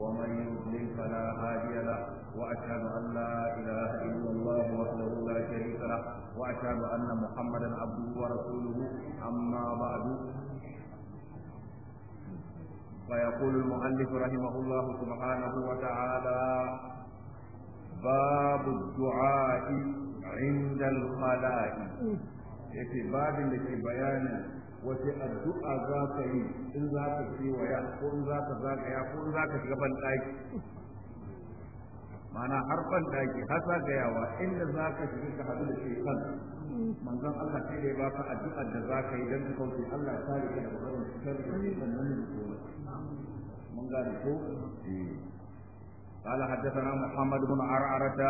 ومن يضلل فلا هادي له واشهد ان لا اله الا الله وحده لا شريك له واشهد ان محمدا عبده ورسوله اما بعد فيقول المؤلف رحمه الله سبحانه وتعالى باب الدعاء عند الخلاء في باب التي بيان wace addu'a za ka yi in za ka wa ya? ko in za ka zagaya ko in za ka shiga ban ɗaki mana har ban ɗaki har zagayawa inda za ka shiga ka haɗu da shekan manzon Allah sai da ya baka addu'a da za ka yi don ka kauce Allah ya kare ka daga barin sharri sannan da tsoro mun gane ko hmm. قال حدثنا محمد بن عرعرة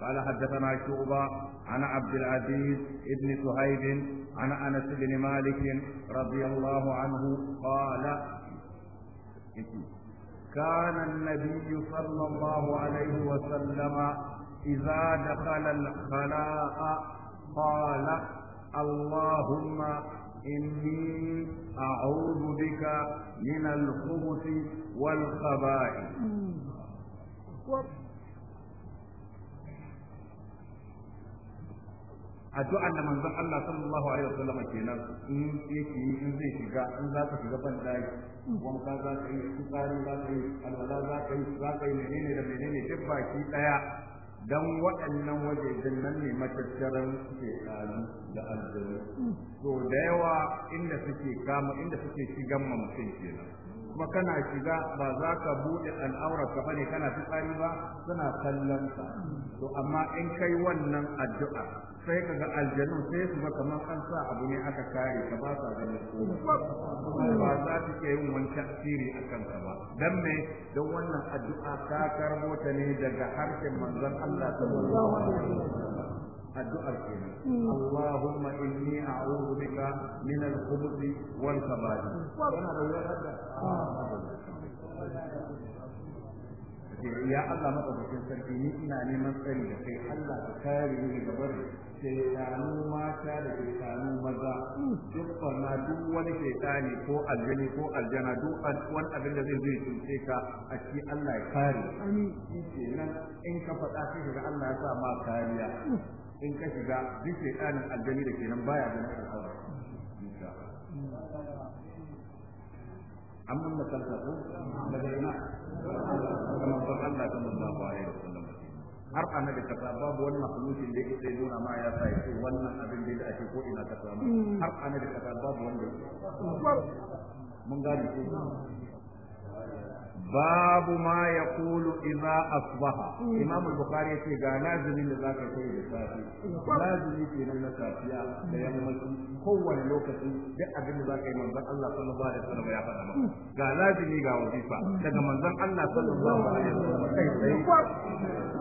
قال حدثنا شعبة عن عبد العزيز بن سهيب عن أنس بن مالك رضي الله عنه قال كان النبي صلى الله عليه وسلم إذا دخل الخلاء قال اللهم إني أعوذ بك من الخبث والخبائث addu'an da manzon Allah sallallahu alaihi wasallam kenan in yake yi in zai shiga in za ka shiga ban dai wanka za ka yi tsari za ka yi alwala za ka yi za ka yi menene da menene duk baki daya dan waɗannan wajejen nan ne matattaran suke tsari da aljanu to da yawa inda suke kama inda suke shigan mutum kenan kuma kana shiga ba za ka buɗe al'aurarka bane kana fitsari ba suna kallon ka to amma in kai wannan addu'a sai ga aljanu sai su ga kamar an sa abu ne aka kare ka ba sa ganin ko ba za su ke yin wani tasiri a kanka ba dan me don wannan addu'a ta karbo ta ne daga harshen manzon Allah sallallahu alaihi wasallam addu'ar kenan Allahumma inni a'udhu bika min al-khubuthi wal kaba'ir ya Allah madaukakin sarki ni ina neman tsari da kai Allah ka kare ni daga barin shaytanu mata da shaytanu maza duk na duk wani shaytani ko aljani ko aljana duk wani abin da zai zai cuce ka a ci Allah ya kare amin shi nan in ka faɗa shi daga Allah ya sa ma kariya in ka shiga duk shaytanin aljani da kenan baya da al'aura insha amma da kanta ko da ina kuma ban Allah sallallahu alaihi wasallam har ana da kasa babu wani makhlukin da yake sai nuna ma ya sa yake wannan abin da ake ko ina ka samu har ana da kasa babu wanda mun gane ko babu ma ya kulu iza asbaha imam al-bukhari ce ga lazimin da zaka kai da safi lazimi kenan na safiya da yammaci kowane lokaci duk abin da zaka yi manzon Allah sallallahu alaihi wasallam ya faɗa maka ga lazimi ga wazifa daga manzon Allah sallallahu alaihi wasallam kai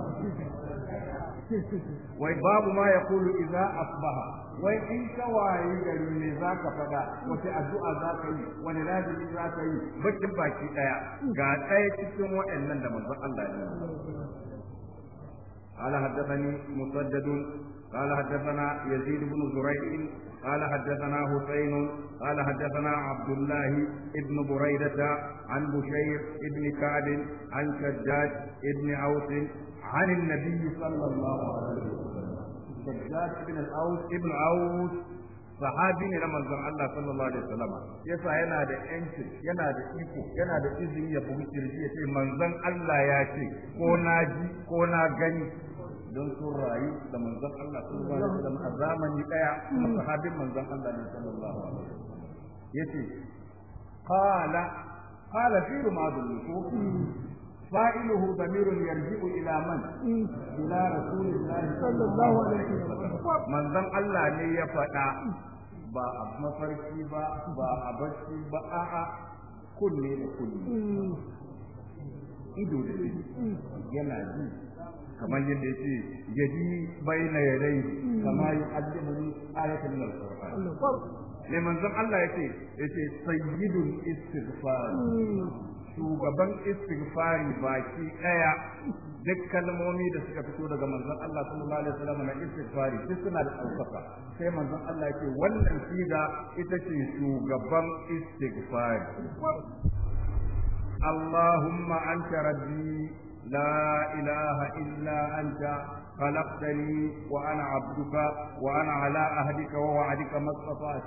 wai babu ma ya kulu idza asbaha wai in ka waye gari ne zaka fada wace addu'a zaka yi wani lazimi zaka yi bakin baki daya ga ɗaya cikin waɗannan da manzon Allah ya yi قال حدثني مسدد قال حدثنا يزيد بن زريع قال حدثنا حسين قال حدثنا عبد الله بن بريدة عن بشير بن كعب عن شداد بن عوف عن النبي صلى الله عليه وسلم الدجاج بن الأوس ابن عوف sahabi ne na manzon Allah sallallahu alaihi wasallam yasa yana da yanci yana da iko yana da izini ya bugi kirji ya ce manzon Allah ya ce ko na ji ko na gani don sun rayu da manzon Allah sallallahu alaihi wasallam a zamani daya sahabin manzon Allah ne sallallahu alaihi wasallam yace qala qala fi rumadul فاعله ضمير يرجع الى ila man, رسول الله صلى الله عليه وسلم من ذن ne ya faɗa ba a mafarki ba ba a barci ba a'a kunne da kunne ido da ido yana ji kamar yadda yake yadi bayna yadai kama yu'allimuni ayatan min al-qur'an ne manzon Allah yake yake sayyidul istighfar shugaban istighfari baki daya duk kalmomi da suka fito daga manzon Allah sallallahu alaihi wasallam na istighfari duk suna da ɗaukaka sai manzon Allah yake wannan shiga ita ce shugaban istighfari Allahumma anta rabbi la ilaha illa anta خلقتني وأنا عبدك وأنا على عهدك ووعدك ما استطعت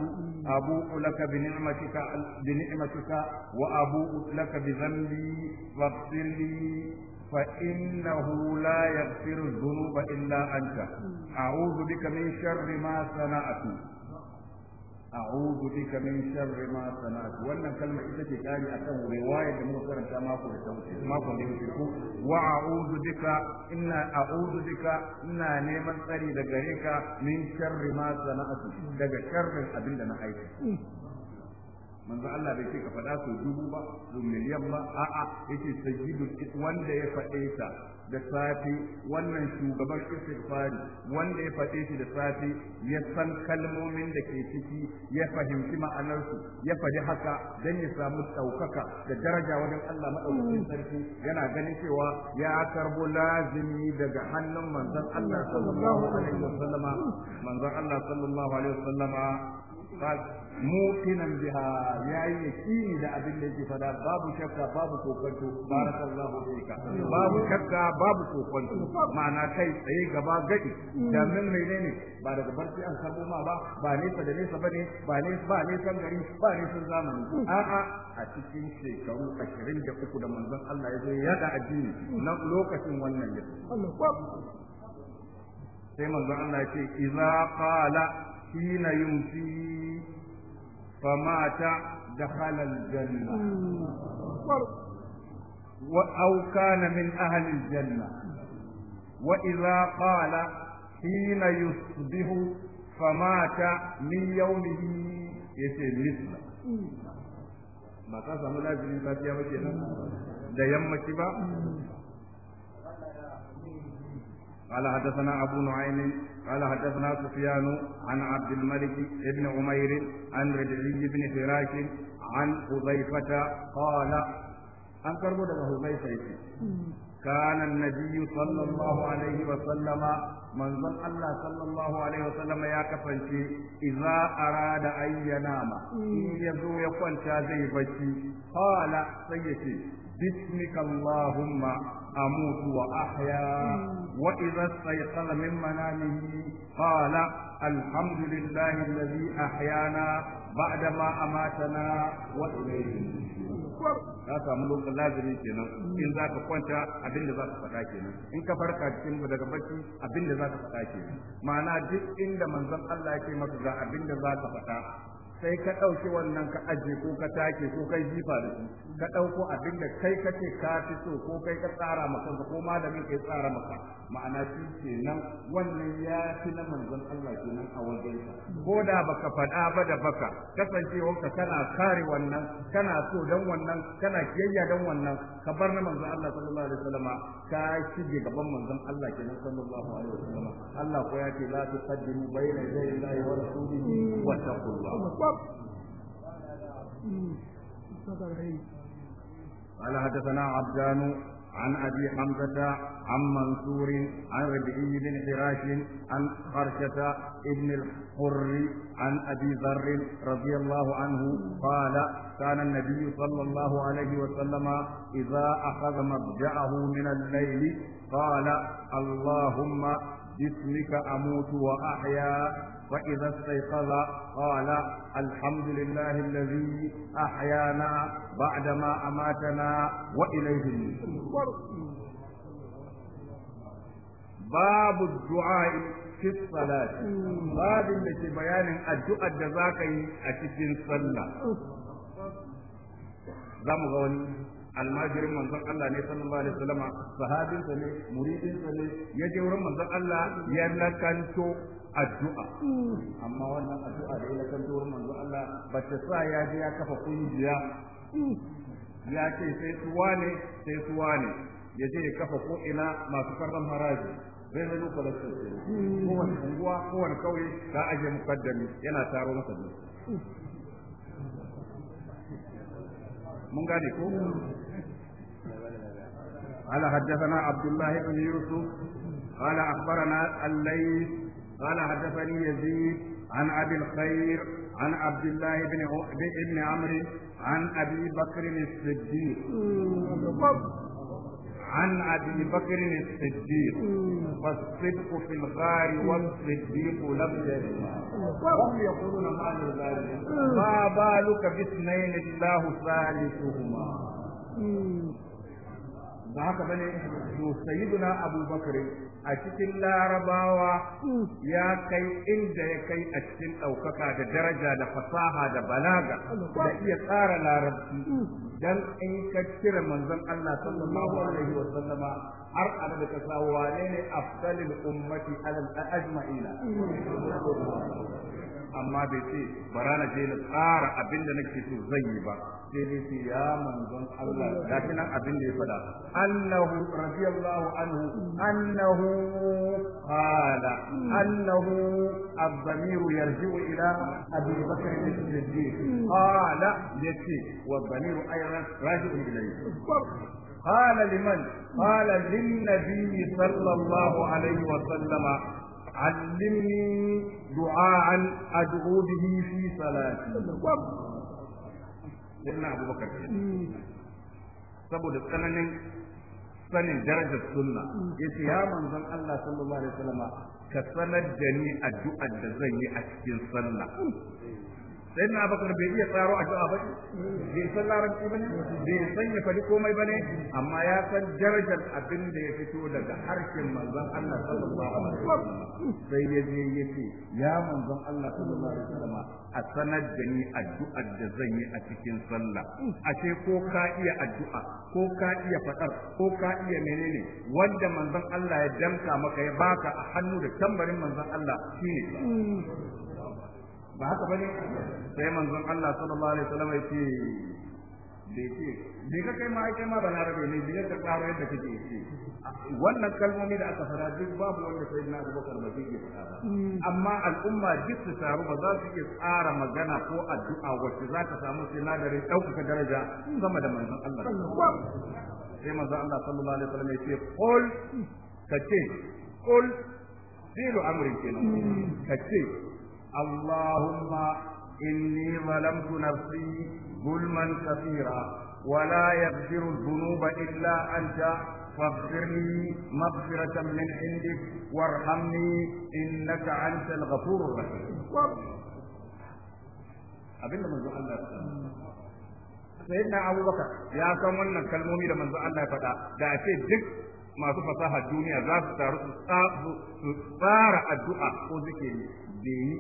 أبوء لك بنعمتك بنعمتك وأبوء لك بذنبي فاغفر لي فإنه لا يغفر الذنوب إلا أنت أعوذ بك من شر ما صنعت a'udhu bika min sharri ma sana'tu wannan kalma ita ce kari akan riwayar da muka karanta mako da tauce mako da yake ko wa a'udhu bika inna a'udhu bika ina neman tsari daga gare ka min sharri ma sana'tu daga sharrin abinda na aikata manzo Allah bai ce ka faɗa su dubu ba su miliyan ba a'a yace sayyidu wanda ya faɗe ta da safe wannan shugaban istighfari wanda ya faɗe shi da safe ya san kalmomin da ke ciki ya fahimci ma'anarsu ya faɗi haka don ya samu ɗaukaka da daraja wajen Allah maɗaukakin mm. sarki yana ganin cewa ya karbo lazimi daga hannun manzon Allah sallallahu alaihi wasallama manzon Allah sallallahu alaihi wasallama قال biha بها يا يقين ده ابن da yake fada babu shakka babu kokonto barakallahu fika babu shakka babu kokonto ma'ana kai tsaye gaba gadi domin menene ba daga barci an sabo ba ba nesa da nesa ba ne ba ne san gari ba ne san zamani a'a a cikin shekaru 23 da manzon Allah ya zo ya da addini na lokacin wannan yake sai manzon Allah ya ce idza qala حين يمسي فمات دخل الجنة أو كان من أهل الجنة وإذا قال حين يصبح فمات من يومه yace misla ba ka samu lazimi lafiya ba kenan da yammaci قال حدثنا أبو نعيم قال حدثنا سفيان عن عبد الملك بن عمير عن ربعي بن فراش عن حذيفة قال أن كربو ده كان النبي صلى الله عليه وسلم من ظن الله صلى الله عليه وسلم يا كفنشي إذا أراد أن ينام يزو يكون شازي بشي قال سيدي باسمك اللهم أموت وأحيا وإذا استيقظ من منامه قال الحمد لله الذي أحيانا بعدما أماتنا وإليه ka samu lokacin lazimi kenan in za ka kwanta abin da za ka faɗa kenan in ka farka cikin daga bacci abin da za ka faɗa kenan ma'ana duk inda manzon Allah yake maka ga abin da za ka faɗa sai ka ɗauki wannan ka ajiye ko ka take ko kai jifa da shi ka ɗauko abin da kai kace ka fi so ko kai ka tsara maka ko malamin kai tsara maka ma'ana shi nan, wannan ya fi na manzon Allah ke nan a wajen ko da baka faɗa ba da baka kasancewarka kana kare wannan kana so dan wannan kana kiyayya dan wannan ka bar na manzon Allah sallallahu alaihi wasallam ka shige gaban manzon Allah ke nan sallallahu alaihi wasallam Allah ko ya ce la tuqaddimu bayna yaday Allah wa rasulihi wa taqullah hmm. قال حدثنا عبدان عن أبي حمزة عن منصور عن ربعي بن حراش عن خرشة ابن الحر عن أبي ذر رضي الله عنه قال كان النبي صلى الله عليه وسلم إذا أخذ مضجعه من الليل قال اللهم باسمك أموت وأحيا فإذا استيقظ قال الحمد لله الذي أحيانا بعدما أماتنا وإليه النشور باب الدعاء في الصلاة باب التي بيان الدعاء الجزاكي أتكين صلى زمغوني almajirin manzon Allah ne sallallahu alaihi wasallam sahabinsa ne muridinsa ne ya je wurin manzon Allah ya lakanto addu'a mm. amma wannan addu'a da ila kan tuwar manzo Allah ba ta sa ya je ya kafa kungiya mm. ya ce sai tuwa ne sai tuwa ne ya je ya kafa ko ina masu karban haraji bai zai ko da wani unguwa wani kauye ka aje mukaddami yana taro masa mm. mun gane ko ala حدثنا عبد ibn yusuf قال اخبرنا الليث قال حدثني يزيد عن ابي الخير عن عبد الله بن ابن عمرو عن ابي بكر الصديق عن ابي بكر الصديق فالصدق في الغار والصديق لم يزل وهم يقولون ما لذلك ما بالك باثنين الله ثالثهما ba haka bane to sayyiduna abubakar a cikin larabawa ya kai inda ya kai a cikin ɗaukaka da daraja da fasaha da balaga da iya tsara larabci dan in ka cire manzon Allah sallallahu alaihi wa sallama har ana da kasawa ne ne afdalul ummati alal ajma'ina amma bai ce bara na je na tsara abin da nake so zan yi ba sai dai ce ya manzon Allah gashi nan abin da ya faɗa annahu radiyallahu anhu annahu qala annahu الضمير يرجع إلى أبي بكر الصديق قال يتي والضمير أيضا راجع إليه قال لمن قال للنبي صلى الله عليه وسلم علمني دعاء ادعو به في صلاتي سيدنا ابو بكر saboda tsananin sanin darajar sunna yace ya manzon Allah sallallahu alaihi wasallam ka sanar da ni addu'ar da zan yi a cikin sallah sai na bai iya tsaro addu'a ba bai san larabci ba bai san ya faɗi komai bane amma ya san darajar abin da ya fito daga harshen manzon Allah sallallahu alaihi wasallam sai ya je ya ce ya manzon Allah sallallahu alaihi wasallam a sanar da ni addu'ar da zan yi a cikin sallah a ce ko ka iya addu'a ko ka iya faɗar ko ka iya menene wanda manzon Allah ya danka maka ya baka a hannu da tambarin manzon Allah shine ba haka bane sai manzon Allah sallallahu alaihi wasallam ya bai ce bai ka kai ma kai ma balarabe ne bai ka karo yadda kake yi wannan kalmomi da aka fara duk babu wanda sai na Abu Bakar bai ke fara ba mm. amma al'umma duk su taru ba za su iya tsara magana ko addu'a wacce za ta samu sinadarin ɗaukaka daraja sama da manzon Allah sai manzon Allah sallallahu alaihi wasallam ya ce qul kace qul dilu amrin kenan mm. kace اللهم إني ظلمت نفسي ظلما كثيرا ولا يغفر الذنوب إلا أنت فاغفر لي مغفرة من عندك وارحمني إنك أنت الغفور الرحيم سيدنا أبو بكر يا كم كلموني لمن زعل الله لا دا أشيء جك ما تفتح الدنيا ذات تارو تارو تارو الدعاء وذكيني bai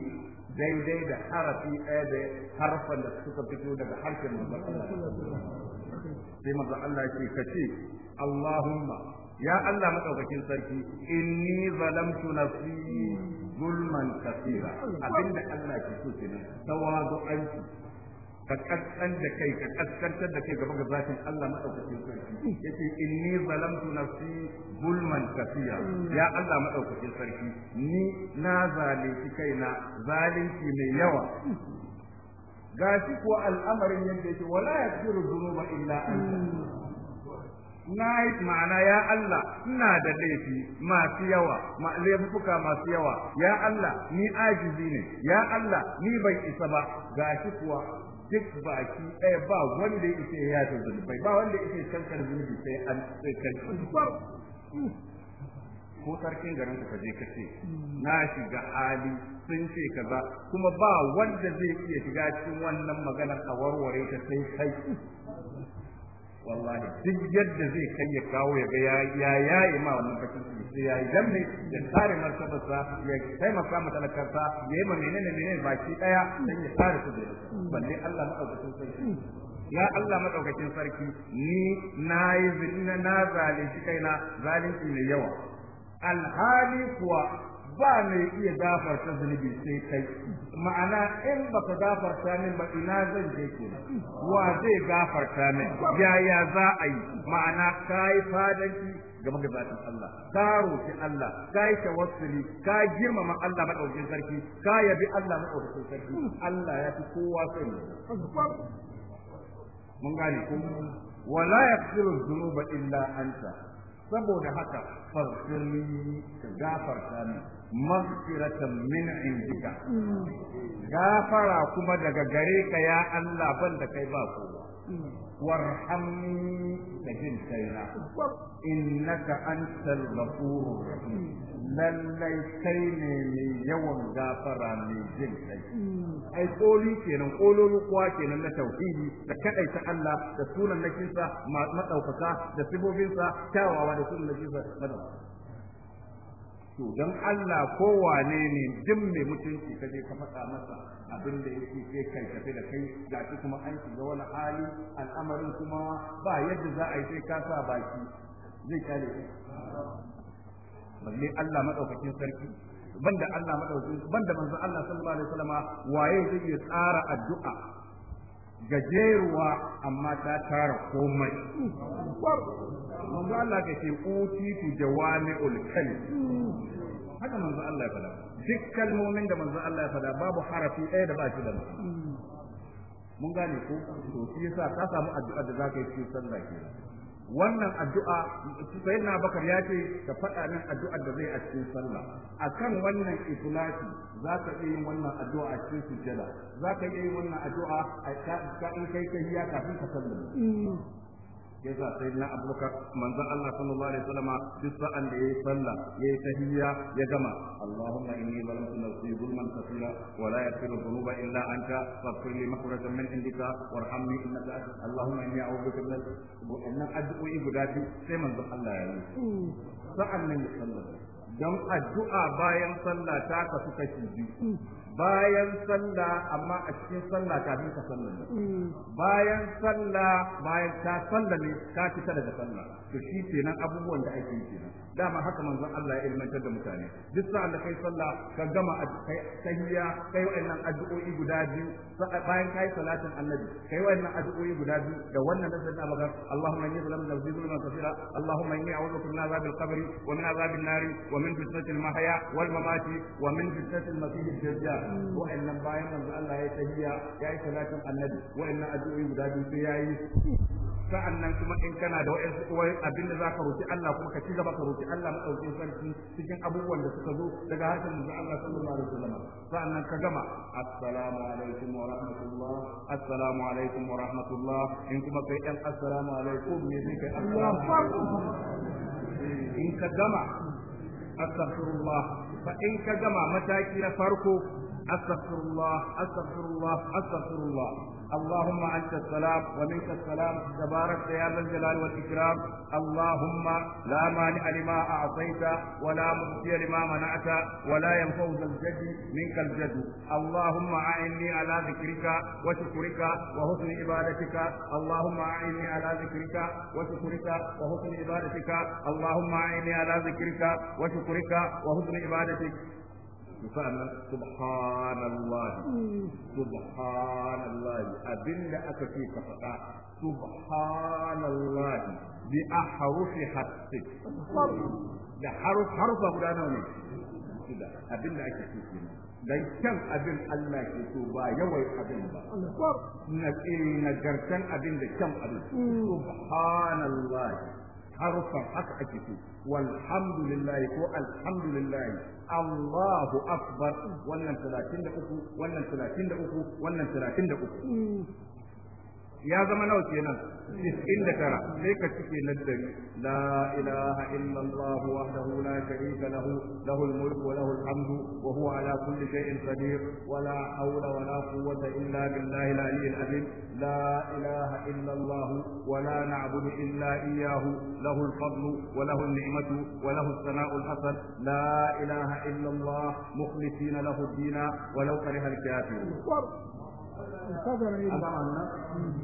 daidai da harafi ɗaya da harfan da suka fito daga harshen manzon sai manzon Allah ce ka ce Allahumma ya Allah madaukakin sarki inni zalamtu fi zulman kaseera abinda Allah ke so kenan tawazu anki ka kaskan da kai ka kaskantar da kai gaba ga zafin Allah madaukakin sarki yace inni zalamtu nafsi zulman kafiya ya Allah madaukakin sarki ni na zalunci kaina zalunci mai yawa gashi ko al'amarin yadda yake wala yaghfiru dhunuba illa anta na ma'ana ya Allah ina da laifi masu yawa ma laifuka masu yawa ya Allah ni ajizi ne ya Allah ni bai isa ba gashi kuwa duk baki ɗaya ba wanda ya ce ya yi zunubai ba wanda ya ce kankan zunubi sai an tsakar zunubar ko sarkin garin ka je ka ce na shiga hali sun ce kaza kuma ba wanda zai iya shiga cikin wannan maganar a warware ta sai kai wallahi duk yadda zai kai ya kawo ya ga ya yi ma wannan bakin ya yi dambe ya kare martabarsa ya taimaka matalakarsa ya yi ma menene menene baki daya dan ya kare su da balle Allah madaukakin sarki ya Allah madaukakin sarki ni na yi zina na zalunci kaina zalunci mai yawa alhali kuwa ba mai iya gafarta zunubi sai kai ma'ana in baka gafarta min ba ina zan je ke wa zai gafarta min yaya za a yi ma'ana kai fadanki ga magabatin Allah ka roki Allah ka yi tawassuli ka girmama Allah madaukakin sarki ka yabi Allah madaukakin sarki hmm, Allah ya fi kowa sani mun gane ko wala yaghfiru dhunuba illa anta saboda haka farfirni ka gafarta ni maghfiratan min indika hmm. gafara kuma daga gare ka ya Allah banda kai ba kowa وارحمني تجد كينا إنك أنت الغفور الرحيم lallai kai ne mai yawan gafara mai jin kai ai koli kenan kololu kuwa kenan na tauhidi da kadaita Allah da sunan nakinsa madaukaka da sibobinsa kyawawa da sunan nakinsa madaukaka to dan Allah kowane ne jin mai mutunci kaje ka faɗa masa abin da yake ke kai tafi da kai ga shi kuma an shiga wani hali al'amarin kuma ba yadda za a yi sai ka sa baki zai kare shi balle Allah madaukakin sarki banda Allah madaukakin banda manzo Allah sallallahu alaihi wasallama waye zai iya tsara addu'a gajeruwa amma ta tara komai manzo Allah ke ce uti tu jawami'ul kalim haka manzo Allah ya fada duk kalmomin da manzo Allah ya fada babu harafi ɗaya da ba shi da mun gane ko to shi yasa ka samu addu'a da zaka yi cikin sallah kenan wannan addu'a sai na bakar ya ce ka faɗa min addu'a da zai a cikin sallah akan wannan ikhlasi za ka iya yin wannan addu'a a cikin sujjada zaka ka iya yin wannan addu'a a ka kai kai ya kafin ka sallama yasa sayyidina abubakar manzon Allah sallallahu alaihi wasallam duk sa'an da yayi sallah yayi tahiyya ya gama Allahumma inni zalamtu nafsi zulman kathira wa la yaghfiru dhunuba illa anta faghfir li min indika warhamni innaka Allahumma inni a'udhu bika min sai manzon Allah ya yi sa'an nan sallah don addu'a bayan sallah ta kasu kashi biyu bayan sallah amma a cikin sallah bi ka sallah mm. bayan sallah bayan ka sallah ne ka fita daga sallah to shi kenan abubuwan da ake yi kenan dama haka manzon Allah ya ilmantar da mutane duk sa'an da kai sallah ka gama tahiyya kai wa'annan addu'o'i guda biyu bayan kai salatin annabi kai wa'annan addu'o'i guda biyu da wannan nasarin da baka Allahumma inni zalamtu nafsi zulman kaseera Allahumma inni a'udhu bika min azabil qabr wa min azabil nar wa min fitnatil mahya wal mamati wa min fitnatil masih ad-dajjal wa'annan bayan manzon Allah ya tahiyya ya yi salatin annabi wa'annan addu'o'i guda biyu sai yayi sa'an nan kuma in kana da wa'ansu wai abin da ka roki Allah kuma ka ci gaba ka roki Allah madaukin sarki cikin abubuwan da suka zo daga harshen manzo Allah sallallahu alaihi wasallam sa'an nan ka gama assalamu alaikum wa rahmatullah assalamu alaikum wa rahmatullah in kuma kai dan assalamu alaikum ne sai kai assalamu in ka gama astaghfirullah fa in ka gama mataki na farko astaghfirullah astaghfirullah astaghfirullah اللهم أنت السلام ومنك السلام تبارك يا ذا الجلال والإكرام اللهم لا مانع لما أعطيت ولا مؤتي لما منعت ولا ينفع ذا الجد منك الجد اللهم أعني على ذكرك وشكرك وحسن عبادتك اللهم أعني على ذكرك وشكرك وحسن عبادتك اللهم أعني على ذكرك وشكرك وحسن عبادتك sa'annan subhanallahi subhanallahi abinda aka ce ka faɗa subhanallahi bi ahrufi hatti da haruf harufa guda nawa ne abinda ake ce dan kyan abin Allah ke so ba yawai abin ba na nagartan abin da kyan abin subhanallahi harufan haka ake so ko alhamdulillahi Allahu akbar wannan 33 wannan 33 wannan 33 ya zama nawa kenan in da tara sai ka cike na dari la ilaha illallah wahdahu la sharika lahu lahul mulku wa lahul hamdu wa huwa ala kulli shay'in qadir wa la hawla wa la quwwata illa billahi al-ali al-azim la ilaha illallah wa la na'budu illa iyyahu lahul fadlu wa lahul ni'matu wa lahul sana'u al la ilaha illallah mukhlisina lahu ad-din wa law kariha al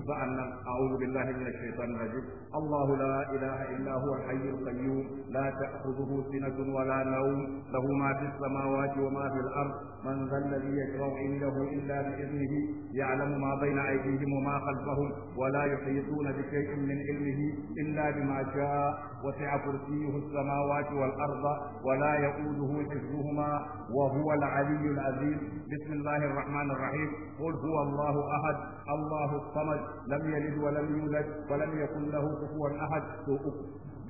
فأنا أعوذ بالله من الشيطان الرجيم الله لا إله إلا هو الحي القيوم لا تأخذه سنة ولا نوم له ما في السماوات وما في الأرض من ذا الذي يشرع عنده إلا بإذنه يعلم ما بين أيديهم وما خلفهم ولا يحيطون بشيء من علمه إلا بما شاء وسع كرسيه السماوات والأرض ولا يؤوده حفظهما وهو العلي العزيز بسم الله الرحمن الرحيم قل هو الله الله احد الله الصمد لم يلد ولم يولد ولم يكن له كفوا احد سوء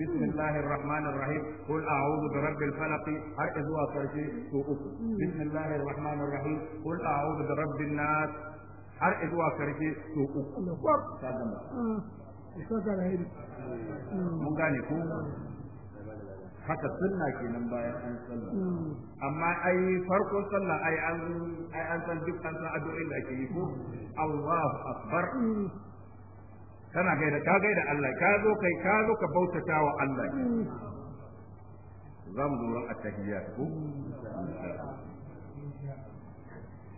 بسم الله الرحمن الرحيم قل اعوذ برب الفلق هل ازوا سوء بسم الله الرحمن الرحيم قل اعوذ برب الناس har zuwa karshe to uku. Mun gane ko? haka sunna kenan bayan an sallah hmm. amma ai farkon sallah ai an ai an san duk an san addu'o'in da ake yi ko Allahu akbar hmm. kana gaida ka gaida Allah ka zo kai ka zo ka bautata wa Allah hmm. za mu zo a tahiyya ko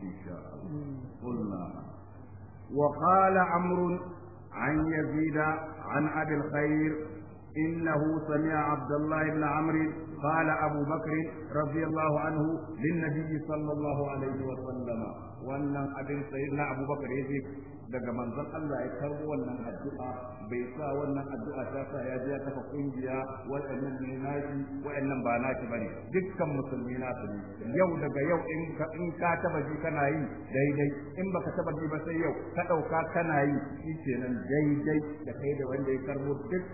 insha Allah وقال عمرو an يزيد عن ابي الخير إنه سمع عبد الله بن عمرو قال أبو بكر رضي الله عنه للنبي صلى الله عليه وسلم وأن أبن سيدنا أبو بكر يجي daga manzon Allah ya karbo wannan addu'a bai sa wannan addu'a ta sa ya je ya kafa kungiya waɗannan ne naki waɗannan ba naki dukkan musulmi na su yau daga yau in ka in ji kana yi daidai in baka taba ji ba sai yau ka ɗauka kana yi shi shikenan daidai da kai da wanda ya karbo duk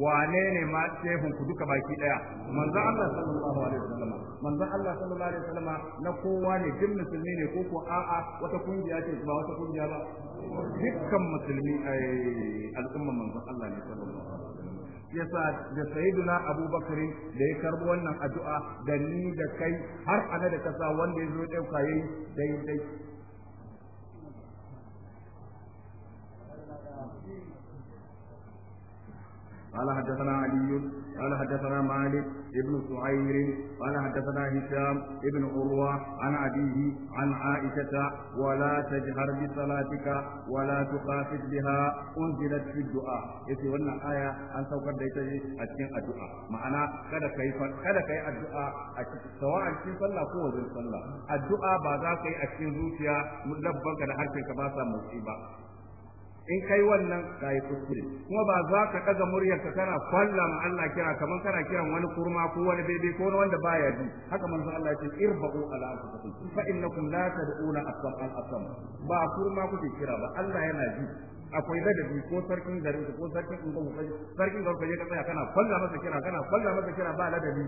wane ne ma shehun ku duka baki daya manzo Allah sallallahu alaihi wasallam manzo Allah sallallahu alaihi wasallam na kowa ne duk musulmi ne ko ko a'a wata kungiya ce ba wata kungiya ba dukkan musulmi eh, al'umma manzo Allah ne sallallahu alaihi wasallam yasa da sayyiduna abubakar da ya karbo wannan addu'a da ni da kai har ana da kasa wanda ya zo dauka yayi daidai قال حدثنا علي قال حدثنا مالك ابن سعير قال حدثنا هشام ابن عروة عن أبيه عن عائشة ولا تجهر بصلاتك ولا تخافت بها أنزلت في الدعاء يسي ونا آية أن سوف ديتجي أتين الدعاء معنى كذا كيف كذا كي الدعاء سواء في صلى كو وزن صلى الدعاء بعد كي أتين زوجيا مدبر كذا حرفك باسا مصيبة in kai wannan kai kuskure kuma ba za ka ɗaga muryar ka kana kwalla Allah kira kaman kana kiran wani kurma ko wani bebe ko wani wanda baya ji haka manzo Allah ya ce irba'u ala anfusikum fa innakum la tad'una asam al asam ba kurma kuke kira ba Allah yana ji akwai ladabi ko sarkin garin ko sarkin ungo ko sarkin garin kaje ka tsaya kana kwalla masa kira kana kwalla masa kira ba ladabi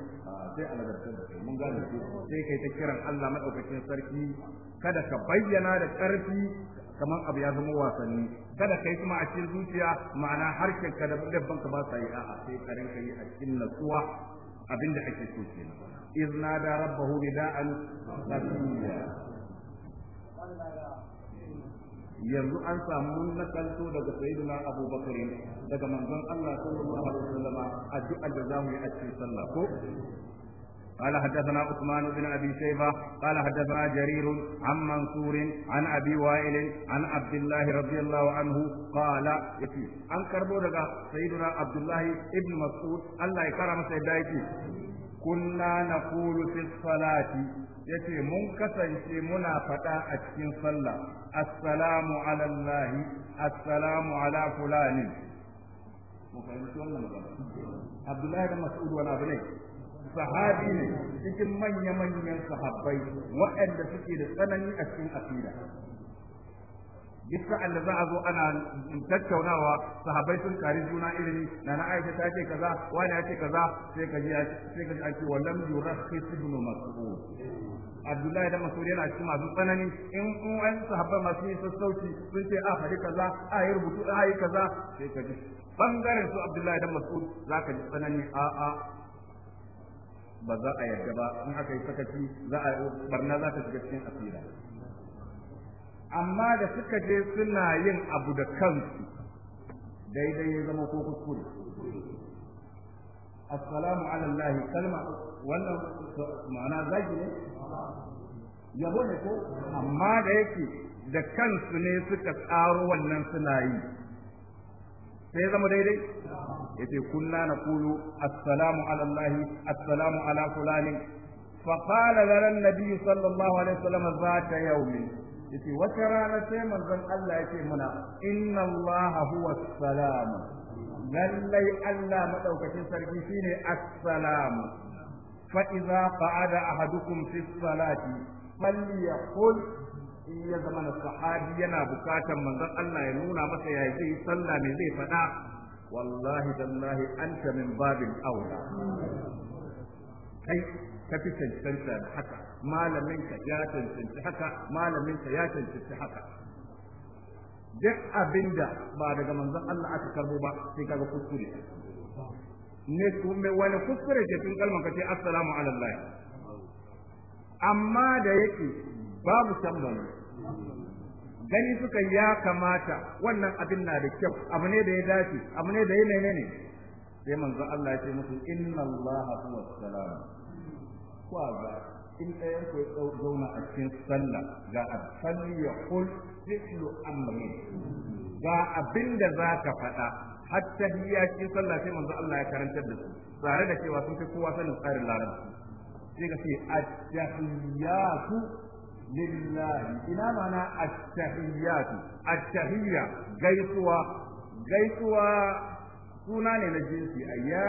sai a ladabtar da kai mun gane sai kai ta kiran Allah madaukakin sarki kada ka bayyana da karfi Kaman abu ya zama wasanni kada kai kuma a cikin zuciya ma'ana harshen ka da dabban ka ba sa yi a'a sai ka rinka yi a cikin natsuwa abinda kake so kenan izna da rabbahu bida'an sabiya yanzu an samu nakalto daga sayyidina abubakar daga manzon Allah sallallahu alaihi wasallam addu'a da zamu yi a cikin sallah ko قال حدثنا عثمان بن ابي شيبه قال حدثنا جرير عن منصور عن ابي وائل عن عبد الله رضي الله عنه قال يتي ان كربو سيدنا عبد الله ابن مسعود الله يكرم سيدنا كنا نقول في الصلاه yace mun kasance muna faɗa a cikin sallah assalamu ala Allah assalamu ala fulani mu fahimci wannan magana Abdullahi da Mas'ud wala bane sahabi ne cikin manya-manyan sahabbai waɗanda suke da tsanani a cikin asira duk da za a zo ana tattaunawa sahabbai sun kari juna ilimi na na aisha ta ce kaza wani ya ce kaza sai ka ji sai ka ji ake wallam yurakhis Abdullahi da Masud yana cikin masu tsanani in in an masu yi sassauci sun ce a ah, faɗi kaza a ah, yi rubutu a ah, yi kaza sai ka ji bangaren su Abdullahi da Masud za ka ji tsanani a a ba za a yarda ba in aka yi sakaci za a barna za ta shiga cikin asira amma da suka je suna yin abu da kansu daidai ya zama ko kuskure assalamu ala Allah kalma wannan ma'ana zaki ne yabo ne ko amma da yake da kansu ne suka tsaro wannan suna yi sai zama daidai Ya ce kunna na naqulu assalamu ala allahi assalamu ala fulani fa qala lana nabi sallallahu alaihi wasallam zata yawmin yace wata rana sai manzon Allah yace muna inna allaha huwa salam lallai Allah madaukakin sarki shine assalamu fa idza qa'ada ahadukum fi salati falyaqul in ya zama na sahabi yana bukatan manzon Allah ya nuna masa ya zai sallah ne zai faɗa wallahi tallahi anta min babin aula kai ka fi cancanta da haka malaminka ya cancanci haka malaminka ya cancanci haka duk abinda ba daga manzon Allah aka karbo ba sai kaga kuskure ne kuma wani kuskure ke tun kalmar ka ce assalamu ala amma da yake babu tambayi gani suka ya kamata wannan abin na da kyau abu ne da ya dace abu ne da ya menene sai manzo Allah ya ce musu inna Allah huwa salam Kwa ga in ɗayan ku ya zauna a cikin sallah ga asalli ya kul fitlu amri ga abin da za ka faɗa hatta biya cikin sallah sai manzo Allah ya karantar da su tare da cewa sun fi kowa sanin tsarin larabci sai ka ce at-tahiyatu lillahi ina mana at-tahiyyatu at-tahiyya gaisuwa gaisuwa suna ne na jinsi ayya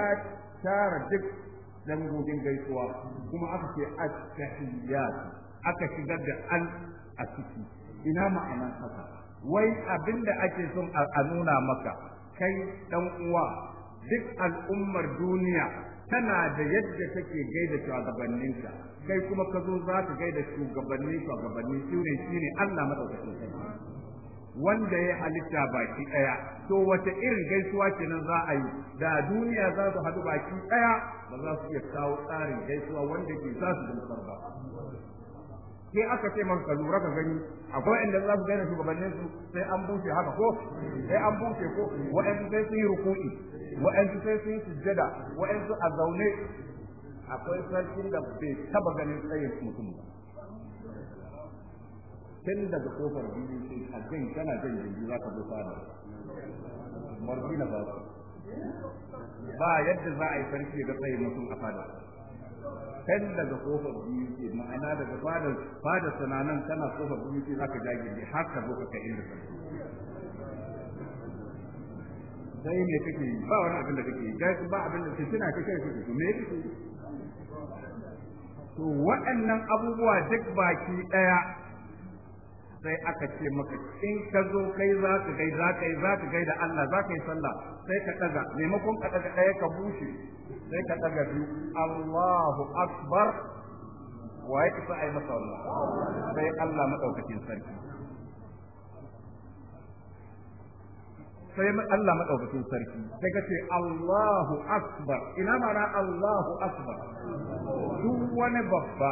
tara duk dangogin gaisuwa kuma aka ce at-tahiyyatu aka shigar da al a ina ma'anar haka wai abinda ake son a nuna maka kai dan uwa duk al'ummar duniya tana da yadda take gaida shugabanninta kai kuma ka zo za ka gaida shugabanni shugabanni shine shine Allah madaukakin sarki wanda ya halitta baki daya to wata irin gaisuwa kenan za a yi da duniya za su haɗu baki daya ba za su iya kawo tsarin gaisuwa wanda ke za su gamsar ba sai aka ce man ka lura ka gani akwai inda za su gaida shugabannin su sai an bushe haka ko sai an bushe ko wa'ansu sai sun yi ruku'i wa'ansu sai sun yi sujjada wa'ansu a zaune akwai sarkin da bai taba ganin tsayin mutum ba tun daga kofar biyu sai a jan kana jan jirgi za ka zo fara marfi na ba ba yadda za a yi sarki ga tsayin mutum a fada tun daga kofar biyu ce ma'ana daga fadar fadar sananan kana kofar biyu ce za ka ja jirgi har ka zo ka kai inda sarki sai ne kake ba wani abin da kake ba abin da kake kina kake kake me kake to waɗannan abubuwa duk baki ɗaya sai aka ce maka in ka zo kai za ka gai za ka yi za ka gai da Allah za ka yi sallah sai ka ɗaga maimakon ka ɗaga ɗaya ka bushe sai ka ɗaga biyu Allahu akbar wa ya isa a yi masa wannan sai Allah maɗaukacin sarki sai Allah madaukakin sarki sai ka ce Allahu akbar ina mana Allahu akbar duk wani babba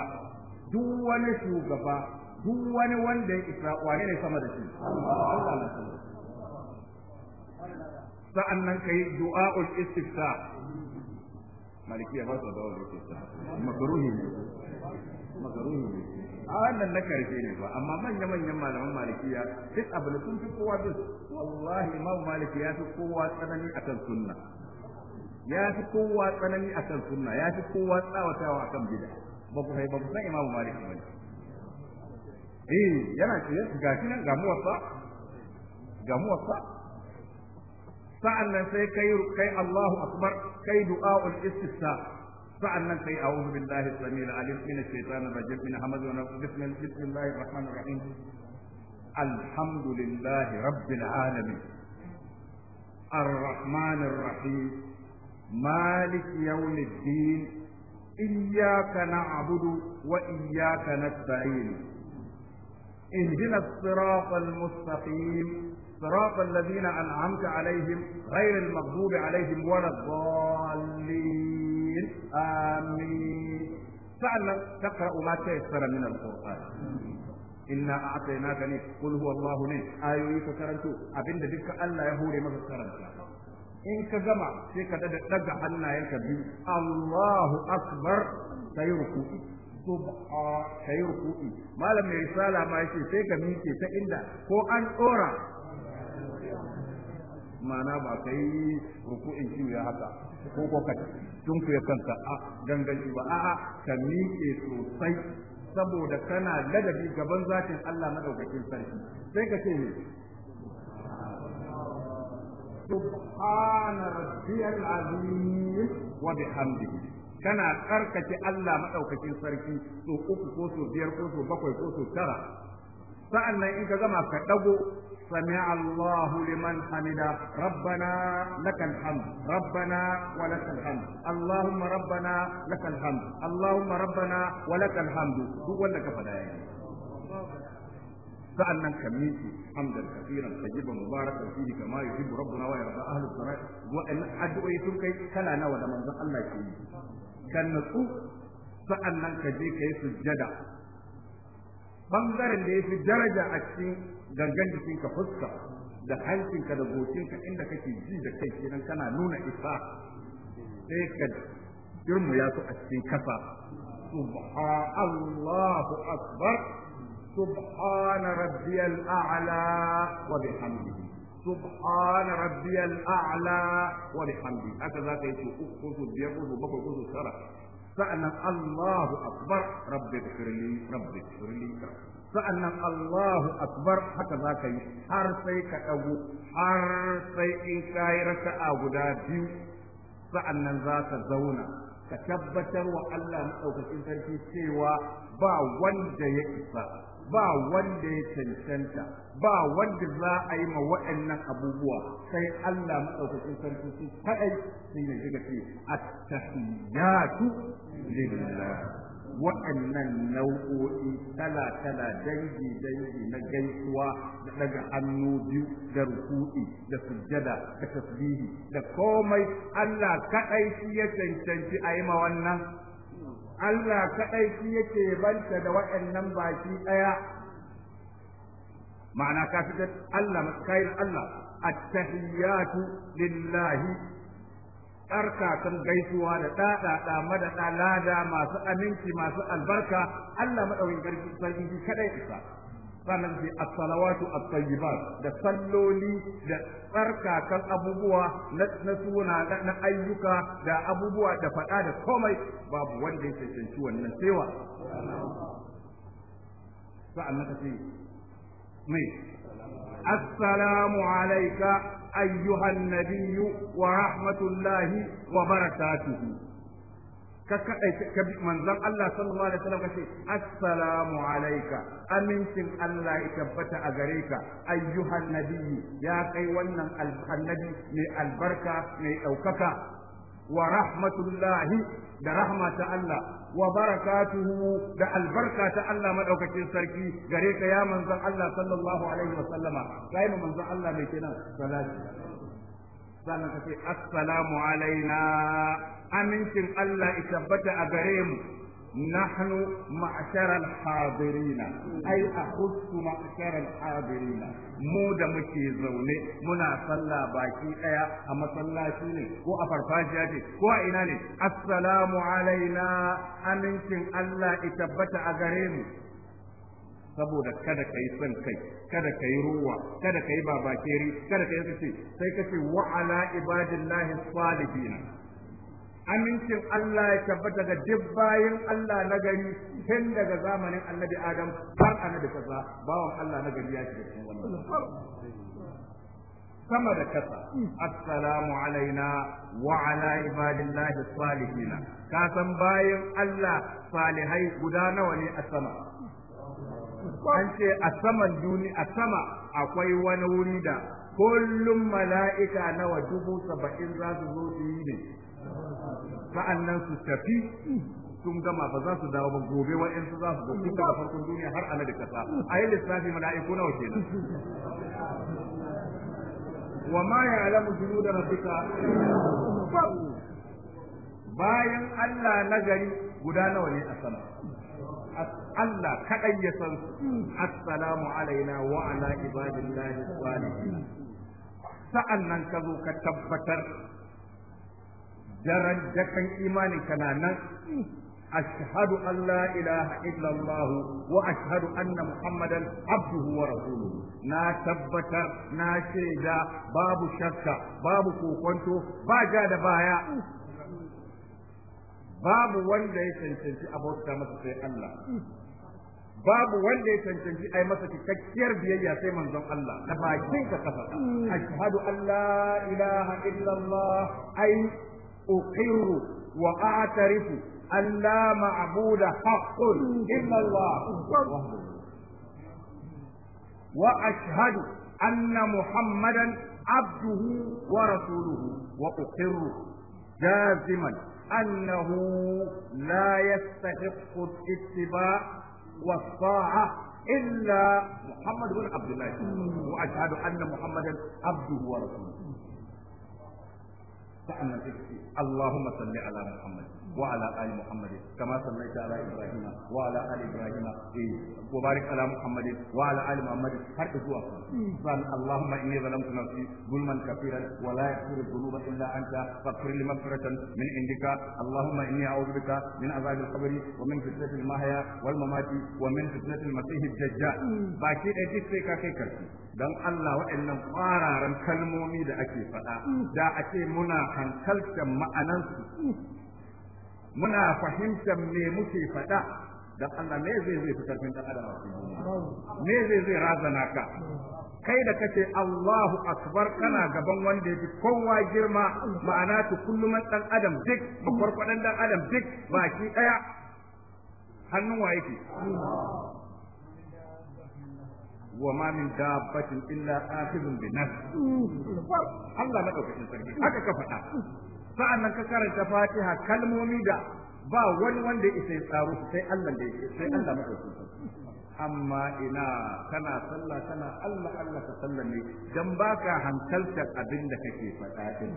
duk wani shugaba duk wani wanda ya isa wane ne sama da shi sa'annan kai du'a'ul istifsa malikiya ba su da wani istifta makruhi ne makruhi ne a wannan na karfe ne ba amma manya-manyan malaman malikiya duk abu da sun fi kowa duk wallahi imam maliki ya fi kowa tsanani akan sunna ya fi kowa tsanani akan sunna ya fi kowa tsawatawa akan bid'a ba ku ba ku san imam maliki ba eh yana ce ga shi nan ga mu wasa, ga mu wasa sa'an nan sai kai kai Allahu akbar kai ul istisna sa'annan sai a'udhu billahi samil alim min ash-shaytanir rajim min hamazin bismillah bismillahir rahmanir rahim alhamdulillahi rabbil alamin arrahmanir rahim مالك يوم الدين إياك نعبد وإياك نستعين اهدنا الصراط المستقيم صراط الذين أنعمت عليهم غير المغضوب عليهم ولا الضالين آمين فعلا تقرأ ما تيسر من القرآن inna a'tainaka ne kul huwa allah ne ayoyi ka karanto abinda dukkan Allah ya hore masa karanta in ka gama sai ka ɗaga daga hannayenka biyu Allahu akbar sai ruku'i subha sai ruku'i malam mai risala ma yace sai ka miƙe ta inda ko an dora mana ba kai ruku'in kiyo ya haka ko ko ka tunkuya kanka a gangaji ba a'a ka miƙe sosai saboda kana ladabi gaban zatin Allah madaukakin sarki sai ka ce ne سبحان azim wa bihamdihi kana karkace Allah madaukakin sarki so uku ko so biyar ko so bakwai ko so tara sa'annan in ka gama ka dago سمع الله لمن حمده ربنا لك الحمد ربنا ولك الحمد اللهم ربنا لك الحمد اللهم ربنا ولك الحمد هو لك فدايا sa'annan ka miƙe hamdan kafiran tayyiban mubarakan fihi kama yuhibbu rabbuna wa yarda ahlus sarai wa'annan addu'o'i sun kai kala nawa da manzon Allah ke yi kan nutsu sa'annan ka je kai sujjada bangaren da fi daraja a cikin gangan jikinka fuska da hancinka da gocinka inda kake ji da kai kenan kana nuna isa sai ka girmu ya su a cikin kasa subhanallahu akbar subhana rabbiyal a'la wa bihamdihi subhana rabbiyal a'la wa bihamdihi haka zaka yi uku biyar sa'annan Allahu akbar rabbi firli rabbi firli sa'annan Allahu akbar haka za ka yi har sai ka ɗago har sai in ka raka'a guda biyu sa'annan za ka zauna ka tabbatar wa Allah maɗaukakin sarki cewa ba wanda ya isa ba wanda ya cancanta ba wanda za a yi ma waɗannan abubuwa sai Allah maɗaukakin sarki su kaɗai sai ya shiga ce at-tahiyatu waɗannan nau'o'i tala-tala dangi-dangi na gaisuwa da daga hannu biyu da ruku'i da sujjada da tasbihi da komai Allah kaɗai shi ya cancanci a yi ma wannan Allah kaɗai shi yake banta da waɗannan baki ɗaya ma'ana ka fi Allah kayan Allah at-tahiyyatu lillahi kan gaisuwa da ɗaɗaɗa madaɗa lada masu aminci masu albarka Allah maɗaukin sarki kaɗai isa sannan sai as-salawatu at-tayyibat da salloli da tsarka kan abubuwa na suna na ayyuka da abubuwa da faɗa da komai babu wanda ya cancanci wannan sewa sa'annan ka ce mai assalamu alayka ayyuhan nabiyyu wa rahmatullahi wa barakatuhu ka kadai ka bi manzon Allah sallallahu alaihi wasallam kace assalamu alayka amincin Allah ya tabbata a gare ka ayyuhan nabiyyi ya kai wannan annabi mai albarka mai daukaka wa rahmatullahi da rahma ta Allah wa barakatuhu da albarka ta Allah madaukakin sarki gare ka ya manzon Allah sallallahu alaihi wasallama kai manzon Allah mai kenan salati sannan kace assalamu alaina amincin Allah ya tabbata a gare mu نحن معشر الحاضرين أي أخذت معشر الحاضرين mu da muke zaune muna sallah baki daya a masallaci ne ko a farfajiya ce ko a ina ne assalamu alaina amincin Allah ya tabbata a gare mu saboda kada ka yi son kai kada ka yi ruwa kada ka yi babakeri kada ka yi sai kace wa ala ibadillahi salihin amincin Allah ya tabbata ga duk bayan Allah na gari tun daga zamanin annabi Adam har annabi kasa bawan Allah na gari ya shiga cikin wannan sama da kasa assalamu alaina wa ala ibadillahi Salihina, ka san bayan Allah salihai guda nawa ne a sama an ce a saman duniya a sama akwai wani wuri da kullum mala'ika nawa dubu saba'in za su zo su yi ne sa'annan su tafi sun gama ba za su dawo ba gobe wa'yansu za su zo tun daga farkon duniya har ana da kasa a yi lissafi mala'iku nawa kenan wa ma ya alamu junu da rabbika bayan Allah na gari guda nawa ne a sama Allah kaɗai ya san assalamu alaina wa ala ibadillahi salihin sa'an nan ka zo ka tabbatar daren jakan imanin ka na nan ashhadu an la ilaha illallah wa ashhadu anna muhammadan abduhu wa rasuluhu na tabbatar na shaida babu shakka babu kokonto ba ja da baya babu wanda ya cancanci abota masa sai Allah babu wanda ya cancanci ai masa cikakkiyar biyayya sai manzon Allah da bakin ka kasa hmm. ashhadu an la ilaha illallah ai uqirru wa a'tarifu an la ma'budu haqqun illa Allah wa ashhadu anna muhammadan abduhu wa rasuluhu wa uqirru jaziman أنه لا يستحق الاتباع والطاعة إلا محمد بن عبد الله وأشهد أن محمدا عبده ورسوله sa'annan sai ce Allahumma salli ala Muhammad wa ala ali Muhammad kama sallaita ala Ibrahim wa ala ali Ibrahim eh wa barik ala Muhammad wa ala ali Muhammad har zuwa san Allahumma inni zalamtu nafsi zulman kafiran wa la yaghfiru dhunuba illa anta faghfir li maghfiratan min indika Allahumma inni a'udhu bika min azab al-qabr wa min fitnat al-mahya wal mamati wa min fitnat al-masih ad-dajjal baki da duk sai ka kai karfi Don Allah waɗannan ƙwararan kalmomi da ake faɗa da ake muna hankaltar ma'anansu muna fahimtar me muke faɗa dan Allah me zai zai fitar da adam me zai zai razana ka kai da kace Allahu akbar kana gaban wanda yake kowa girma ma'ana ta kullum dan adam duk makwarkwadan ɗan adam duk baki ɗaya? hannun wa yake وما من دابة إلا آخذ بنفسه الله ما دوكتين سرقي هكا كفتا sa'annan ka karanta fatiha kalmomi da ba wani wanda isa ya tsaro sai Allah da yake sai Allah amma ina kana sallah kana Allah Allah ka sallame ne dan baka hankaltar abin da kake faɗa din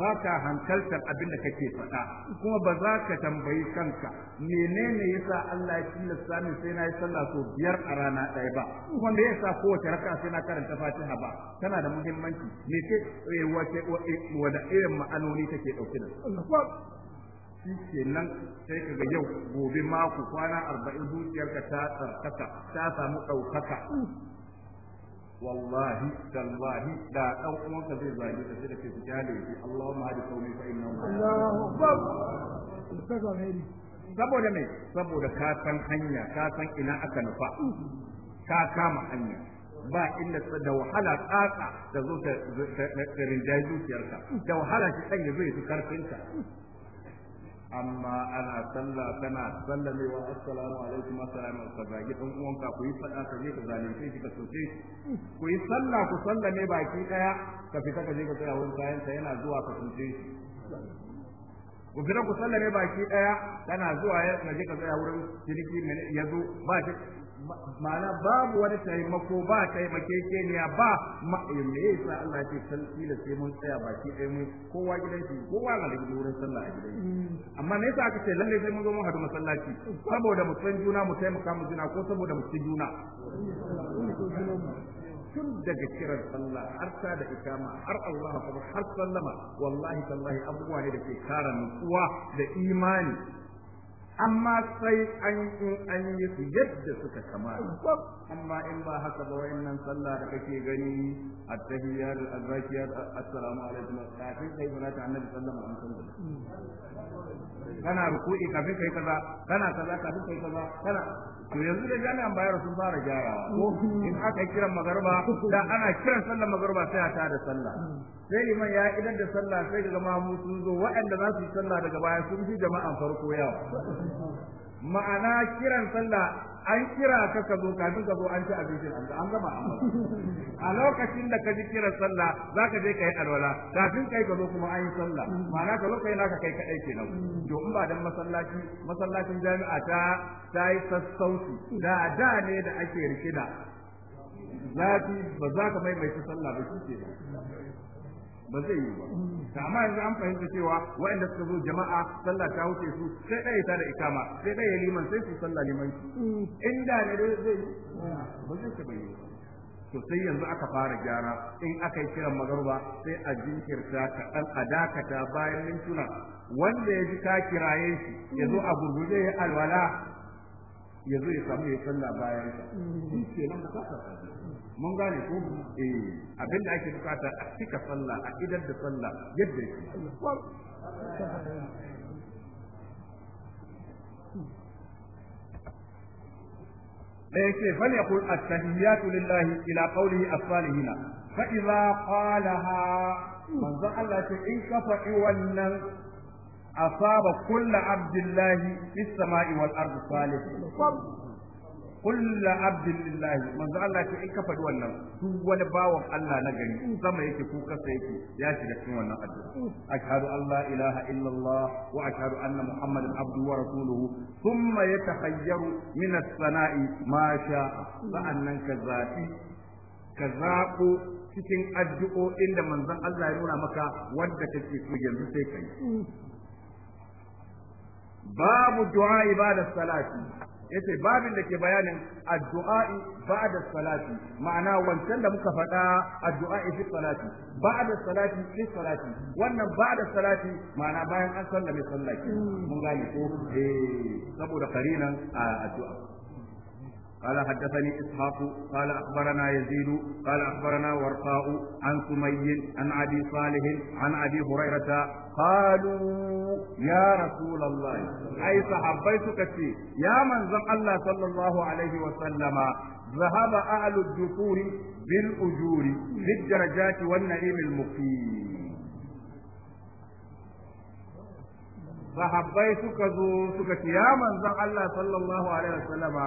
ba ka hankaltar abin da kake faɗa kuma ba za ka tambayi kanka menene yasa Allah ya tilasta ni sai na yi sallah so biyar a rana ɗaya ba kuma yasa kowace raka sai na karanta Fatiha ba tana da muhimmanci me ce eh, wace wada irin ma'anoni take dauke da shi kenan sai kaga yau gobe mako kwana arba'in zuciyarka ta tsarkaka ta samu ɗaukaka wallahi tallahi da dan uwanka zai zage ka sai da ke ku jale shi Allahumma hadi qawmi fa innahu Allahu akbar saboda me saboda ka san hanya ka san ina aka nufa ka kama hanya ba inda da wahala tsatsa da zo ta rinjaye zuciyarka da wahala shi kan ya zo fi amma ana sallah kana sallamewa assalamu alaikum assalamu alaikum zagi dan uwanka ku yi fada ka je ka zalunce shi ka soce ku yi sallah ku sallame baki daya ka fita ka je ka tsaya wurin kayan sa yana zuwa ka soce ku fita ku sallame baki daya kana zuwa ya je ka tsaya wurin ciniki ya zo ba shi ma'ana babu wani taimako ba taimakekeniya ba me yasa Allah ke salki da sai mun tsaya baki ɗaya mun kowa gidan shi kowa ga da wurin sallah a gidan amma me yasa aka ce lalle sai mun zo mun hadu masallaci saboda mu san juna mu taimaka mu juna ko saboda mu ci juna tun daga kiran sallah har ta da ikama har Allah har sallama wallahi tallahi abubuwa ne da ke kara nutsuwa da imani amma sai an in an yi su yadda suka kamata amma in ba haka ba wayannan sallah da kake gani at-tahiyyat al azkiyat assalamu alaikum kafin kai ta annabi sallallahu alaihi wasallam kana ruku'i kafin kai kaza kana kaza kafin kai kaza kana to yanzu da jami'an bayar sun fara gyarawa ko in aka kira magarba da ana kiran sallar magarba sai a da sallah sai liman ya idan da sallah sai ga mamu sun zo waɗanda za su yi sallah daga baya sun fi jama'an farko yawa ma'ana kiran sallah an kira ka ka zo kafin ka an ci abincin an an gama a lokacin da ka ji kiran sallah za ka je ka yi alwala kafin kai ka kuma an yi sallah ma'ana ka lokacin naka kai kaɗai kenan to in ba dan masallaci masallacin jami'a ta ta yi sassauci da da ne da ake rikida zafi ba za ka maimaita sallah ba shi ke ba zai yi ba mm. ta amma yanzu an fahimta cewa waɗanda suka zo jama'a sallah ta wuce su sai ɗaya ta da ikama sai ɗaya liman sai su sallah liman mm. inda ne zai yi ba zai ta bayyana to sai yanzu aka fara gyara in aka yi kiran magaruba sai a jinkirta kaɗan a dakata bayan mintuna wanda ya ji ka kiraye shi ya zo a gurguje ya alwala ya zo ya samu ya sallah bayan mm. shi shi ke nan ka mun gane ko eh abin da ake bukata a cika sallah a idan da sallah yadda yake da yake fal yaqul at-tahiyatu lillahi ila qawlihi as-salihin fa idza qalaha manzo Allah ce in kafa faɗi wannan asaba kullu abdillahi fis sama'i wal ardi salih kulla abdin lillahi manzo Allah ce in ka faɗi wannan duk wani bawan Allah na gari in sama yake kuka kasa yake ya shiga cikin wannan addu'a ashhadu an la ilaha illallah wa ashhadu anna muhammadan abduhu wa rasuluhu thumma yatahayyaru min as-sana'i ma sha'a sa'annan ka zafi ka zabo cikin addu'o'in da manzon Allah ya nuna maka wanda kake so yanzu sai kai babu du'a ibada salati yace babin da ke bayanin addu'a ba'da salati ma'ana wancan da muka faɗa addu'a fi salati ba'da salati fi salati wannan ba'da salati ma'ana bayan an sallame sallaki mun gane ko eh saboda karinan ah, addu'a قال حدثني إسحاق قال أخبرنا يزيد قال أخبرنا ورقاء عن سمي عن أبي صالح عن أبي هريرة قالوا يا رسول الله أي صحابيتك يا من زم الله صلى الله عليه وسلم ذهب أهل الدثور بالأجور للدرجات والنعيم المقيم sahabbai suka zo suka ce ya manzon Allah sallallahu alaihi wasallama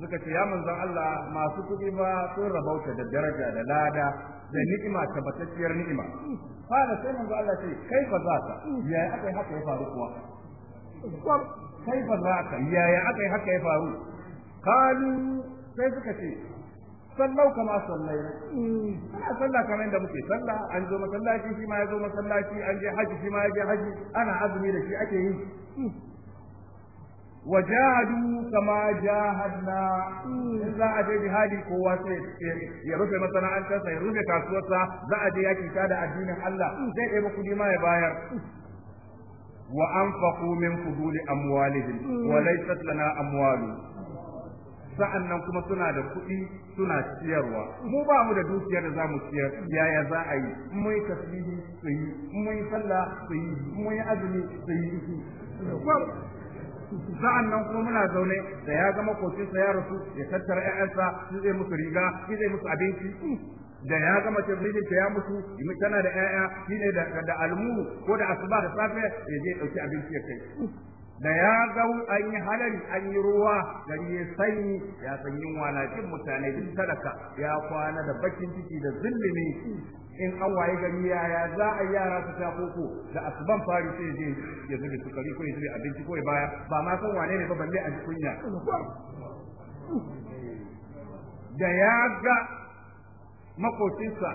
suka ce ya manzon Allah masu kuɗi ba sun rabauta da daraja da lada da ni'ima tabbatacciyar ni'ima fara sai manzon Allah ce kai fa za ka yaya aka yi haka ya faru kuwa kai fa za ka yaya aka yi haka ya faru kalu sai suka ce sallau kama sallai ana sallah kamar da muke sallah an zo masallaci shi ma ya zo masallaci an je haji shi ma ya je haji ana azumi da shi ake yi wajahadu kama jahadna in za a je jihadi kowa sai ya rufe masana'antarsa ya rufe kasuwarsa za a je yaki ta da addinin Allah zai ɗaya kuɗi ma ya bayar wa anfaqu min fuduli amwalihim wa laysat lana amwalu sa'annan kuma suna da kuɗi suna ciyarwa mu ba mu da dukiyar da zamu ciyar yaya za a yi mun yi tasbihi su yi mun sallah su yi mun azumi su yi sa'an nan kuma muna zaune da ya ga kocinsa ya rasu ya tattara 'ya'yansa shi zai musu riga shi zai musu abinci da ya gama tabbijin ta ya mutu tana da 'ya'ya shine da da almuru ko da asuba da safe ya je ɗauki abinci ya kai da ya ga an yi halari an yi ruwa gari ya sanyi ya san yunwa na cin mutane duk sadaka ya kwana da bakin ciki da zulumi in an waye gari yaya za a yara su sha koko da asuban fari sai je ya zube sukari ko ya zube abinci ko ya baya ba ma san wane ne ba balle a cikin kunya da ya ga makocinsa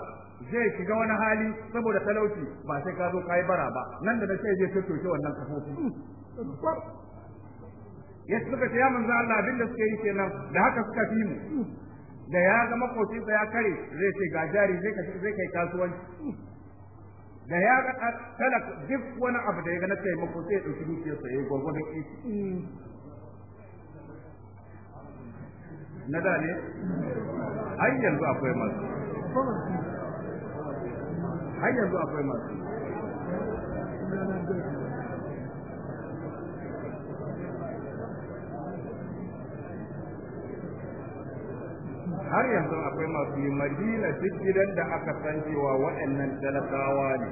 zai shiga wani hali saboda talauci ba sai ka zo ka yi bara ba nan da na sai zai toshe wannan kafofi ya suka ce ya manzo Allah abin da suke yi kenan da haka suka fi mu da ya ga makocinsa ya kare zai ce ga jari zai kai kasuwanci da ya ga talak duk wani abu da ya ga na taimako sai ya ɗauki dukiyarsa ya yi gwargwadon ƙi na da ne har yanzu akwai masu har yanzu akwai masu har yanzu akwai masu yi madina duk gidan da aka san cewa waɗannan talakawa ne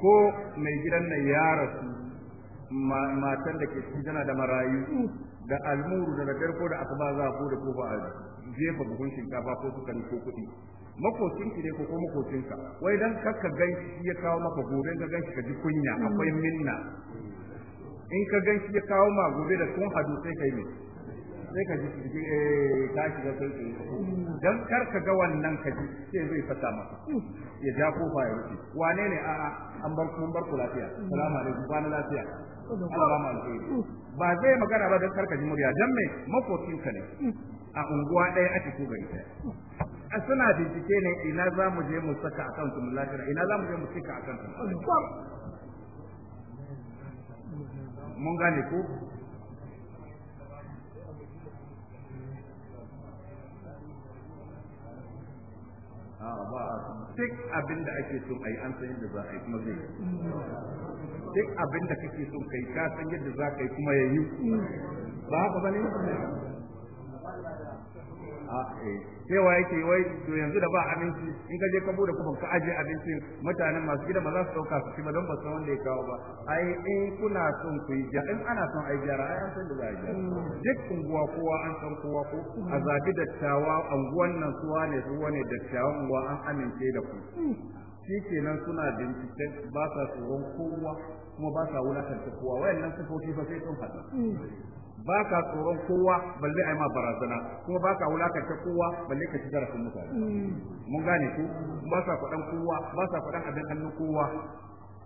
ko mai gidan nan ya rasu matan da ke ciki tana da marayu da almuru da daddare ko da asuba za a ko kofa a jefa buhun shinkafa ko sukari ko kuɗi Makocin ki ne ko ko ka. wai dan kakka ganshi ya kawo maka gobe ka shi ka ji kunya akwai minna in ka ganshi ya kawo ma gobe da kun hadu sai kai ne sai ka ji eh, ka shiga sauki dan kar ka ga wannan ka ji sai zai fata maka ya ja kofa ya rufe wane ne a'a an bar kun bar ku lafiya salamu alaikum ba na lafiya salamu alaikum ba zai magana ba dan kar ka ji murya dan me makokin ka ne a unguwa ɗaya ake cikin gari a suna bincike ne ina za mu je mu saka akan su lafiya ina za mu je mu saka akan su mun gane ko duk abin da ake so a yi an san yadda za a yi kuma zai yi duk abin da kake so kai ka san yadda za ka yi kuma ya yi ba haka ba ne Ah, eh. cewa yake wai to yanzu da ba abinci in ka je ka bude kufan ka aje abincin mutanen masu gida ba za su dauka su ci ba don ba san wanda ya kawo ba ai in kuna son ku yi in ana son ai gyara ai an san da za a gyara duk unguwa kowa an san kowa ko a zabi dattawa unguwan nan suwa ne suwa ne dattawan unguwa an amince da ku shi kenan suna binciken ba sa tsoron kowa kuma ba sa wulakanta kowa wayannan sifofi ba sai sun haɗu ba ka tsoron kowa balle ai ma barazana kuma ba ka wulakanta kowa balle ka ci zarafin mutane hmm. mun gane ku ba sa faɗan kowa ba sa faɗan abin hannun kowa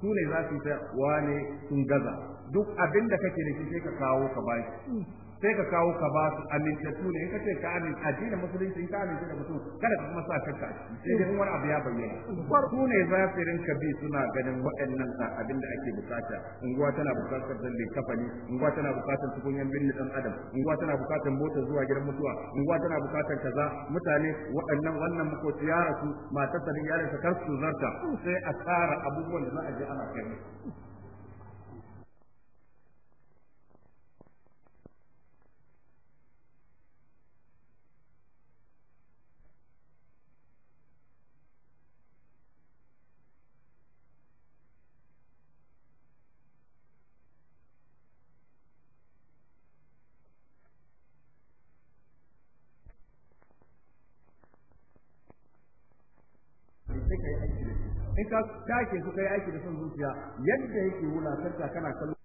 su ne za su yi ta wane sun gaza duk abin da kake da shi sai ka kawo ka bashi hmm. sai ka kawo ka ba su amintattu ne in ka ce ka amin addinin musulunci in ka amince da mutum kada ka kuma sa kanka sai dai wani abu ya bayyana su ne za su rinka bi suna ganin waɗannan sa abin da ake bukata unguwa tana bukatar zalle kafani unguwa tana bukatar tukunyar binne dan adam unguwa tana bukatar motar zuwa gidan mutuwa unguwa tana bukatar kaza mutane waɗannan wannan makoci ya rasu matar da yaron sa kar su zarta sai a tsara abubuwan da za a je ana kai ka ke suka yi aiki da son zuciya yadda yake wulakanta kana kallon